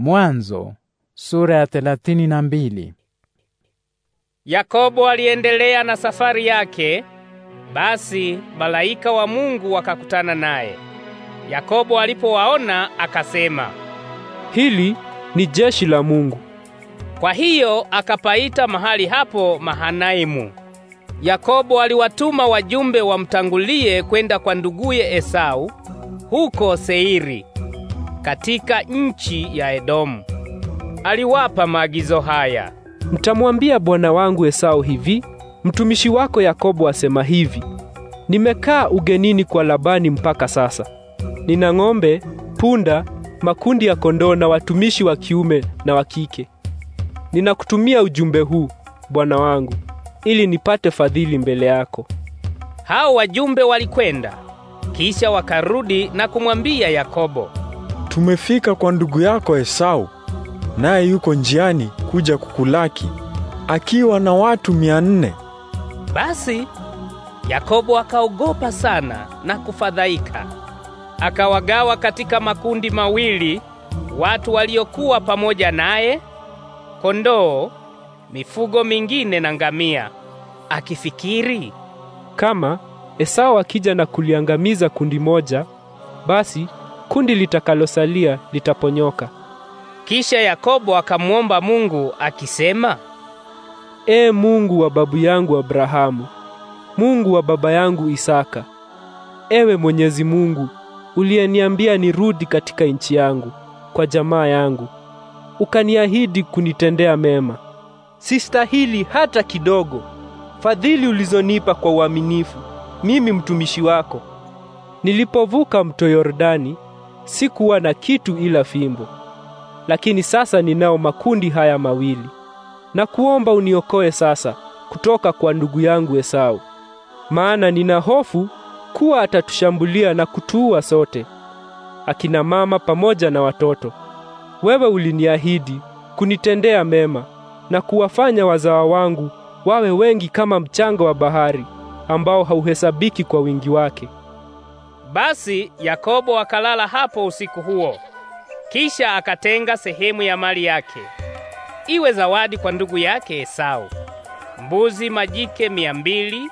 Mwanzo sura ya thelathini na mbili. Yakobo aliendelea na safari yake, basi malaika wa Mungu wakakutana naye. Yakobo alipowaona akasema, hili ni jeshi la Mungu. Kwa hiyo akapaita mahali hapo Mahanaimu. Yakobo aliwatuma wajumbe wamtangulie kwenda kwa nduguye Esau huko Seiri katika nchi ya Edomu. Aliwapa maagizo haya: mtamwambia bwana wangu Esau hivi, mtumishi wako Yakobo asema hivi, nimekaa ugenini kwa Labani mpaka sasa, nina ng'ombe, punda, makundi ya kondoo na watumishi wa kiume na wa kike. Ninakutumia ujumbe huu bwana wangu, ili nipate fadhili mbele yako. Hao wajumbe walikwenda kisha wakarudi na kumwambia Yakobo, tumefika kwa ndugu yako Esau, naye yuko njiani kuja kukulaki akiwa na watu mia nne. Basi Yakobo akaogopa sana na kufadhaika, akawagawa katika makundi mawili watu waliokuwa pamoja naye, kondoo, mifugo mingine na ngamia, akifikiri kama Esau akija na kuliangamiza kundi moja, basi kundi litakalosalia litaponyoka. Kisha Yakobo akamwomba Mungu akisema, E Mungu wa babu yangu Abrahamu, Mungu wa baba yangu Isaka, ewe Mwenyezi Mungu uliyeniambia nirudi katika nchi yangu kwa jamaa yangu, ukaniahidi kunitendea mema. Sistahili hata kidogo. Fadhili ulizonipa kwa uaminifu mimi mtumishi wako, nilipovuka mto Yordani sikuwa na kitu ila fimbo, lakini sasa ninao makundi haya mawili. Na kuomba uniokoe sasa kutoka kwa ndugu yangu Esau, maana nina hofu kuwa atatushambulia na kutuua sote, akina mama pamoja na watoto. Wewe uliniahidi kunitendea mema na kuwafanya wazawa wangu wawe wengi kama mchanga wa bahari ambao hauhesabiki kwa wingi wake. Basi Yakobo akalala hapo usiku huo, kisha akatenga sehemu ya mali yake iwe zawadi kwa ndugu yake Esau: mbuzi majike mia mbili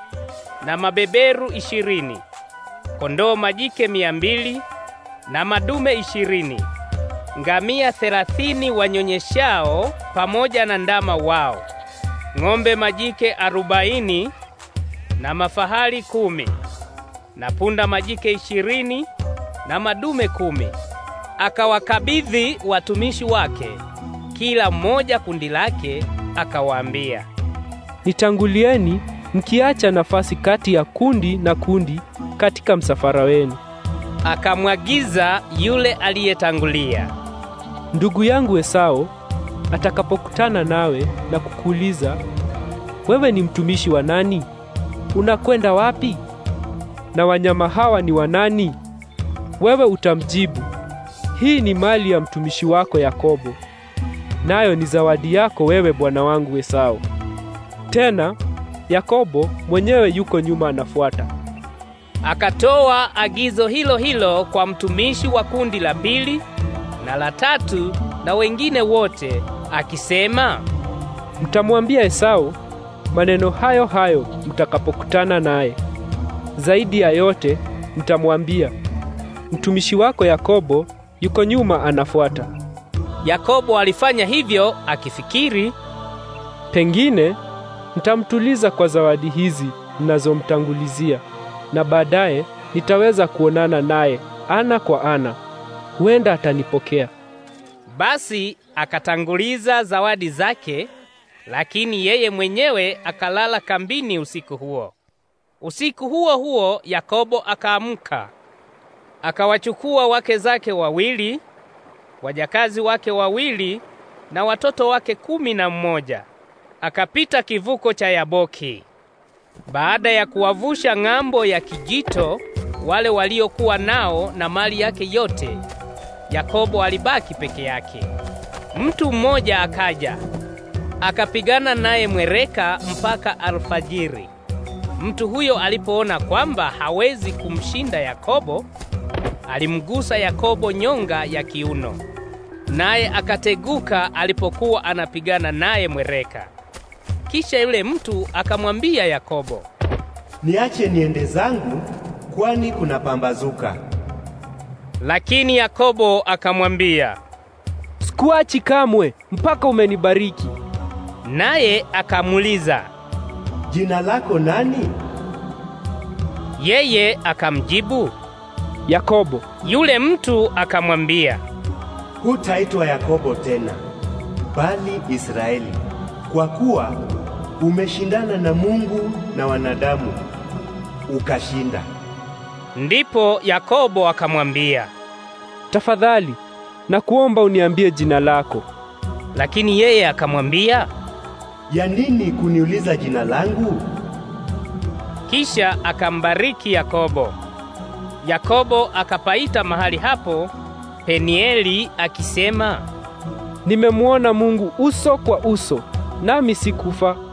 na mabeberu ishirini, kondoo majike mia mbili na madume ishirini, ngamia thelathini wanyonyeshao pamoja na ndama wao, ng'ombe majike arobaini na mafahali kumi na punda majike ishirini na madume kumi. Akawakabidhi watumishi wake kila mmoja kundi lake, akawaambia, nitangulieni mkiacha nafasi kati ya kundi na kundi katika msafara wenu. Akamwagiza yule aliyetangulia, ndugu yangu Esau atakapokutana nawe na kukuuliza, wewe ni mtumishi wa nani? Unakwenda wapi? na wanyama hawa ni wanani? Wewe utamjibu, hii ni mali ya mtumishi wako Yakobo, nayo ni zawadi yako wewe bwana wangu Esau. Tena Yakobo mwenyewe yuko nyuma anafuata. Akatoa agizo hilo hilo kwa mtumishi wa kundi la pili na la tatu na wengine wote akisema, mtamwambia Esau maneno hayo hayo mtakapokutana naye. Zaidi ya yote nitamwambia, mtumishi wako Yakobo yuko nyuma anafuata. Yakobo alifanya hivyo akifikiri, pengine nitamtuliza kwa zawadi hizi ninazomtangulizia, na baadaye nitaweza kuonana naye ana kwa ana, huenda atanipokea. Basi akatanguliza zawadi zake, lakini yeye mwenyewe akalala kambini usiku huo. Usiku huo huo Yakobo akaamka, akawachukua wake zake wawili, wajakazi wake wawili na watoto wake kumi na mmoja, akapita kivuko cha Yaboki. Baada ya kuwavusha ng'ambo ya kijito wale waliokuwa nao na mali yake yote, Yakobo alibaki peke yake. Mtu mmoja akaja akapigana naye mwereka mpaka alfajiri. Mtu huyo alipoona kwamba hawezi kumshinda Yakobo, alimgusa Yakobo nyonga ya kiuno, naye akateguka alipokuwa anapigana naye mwereka. Kisha yule mtu akamwambia Yakobo, niache niende zangu, kwani kunapambazuka. Lakini Yakobo akamwambia, sikuachi kamwe mpaka umenibariki. Naye akamuliza jina lako nani? Yeye akamjibu, Yakobo. Yule mtu akamwambia, hutaitwa Yakobo tena, bali Israeli, kwa kuwa umeshindana na Mungu na wanadamu ukashinda. Ndipo Yakobo akamwambia, tafadhali nakuomba uniambie jina lako. Lakini yeye akamwambia ya nini kuniuliza jina langu? Kisha akambariki Yakobo. Yakobo akapaita mahali hapo Penieli akisema, nimemwona Mungu uso kwa uso, nami sikufa.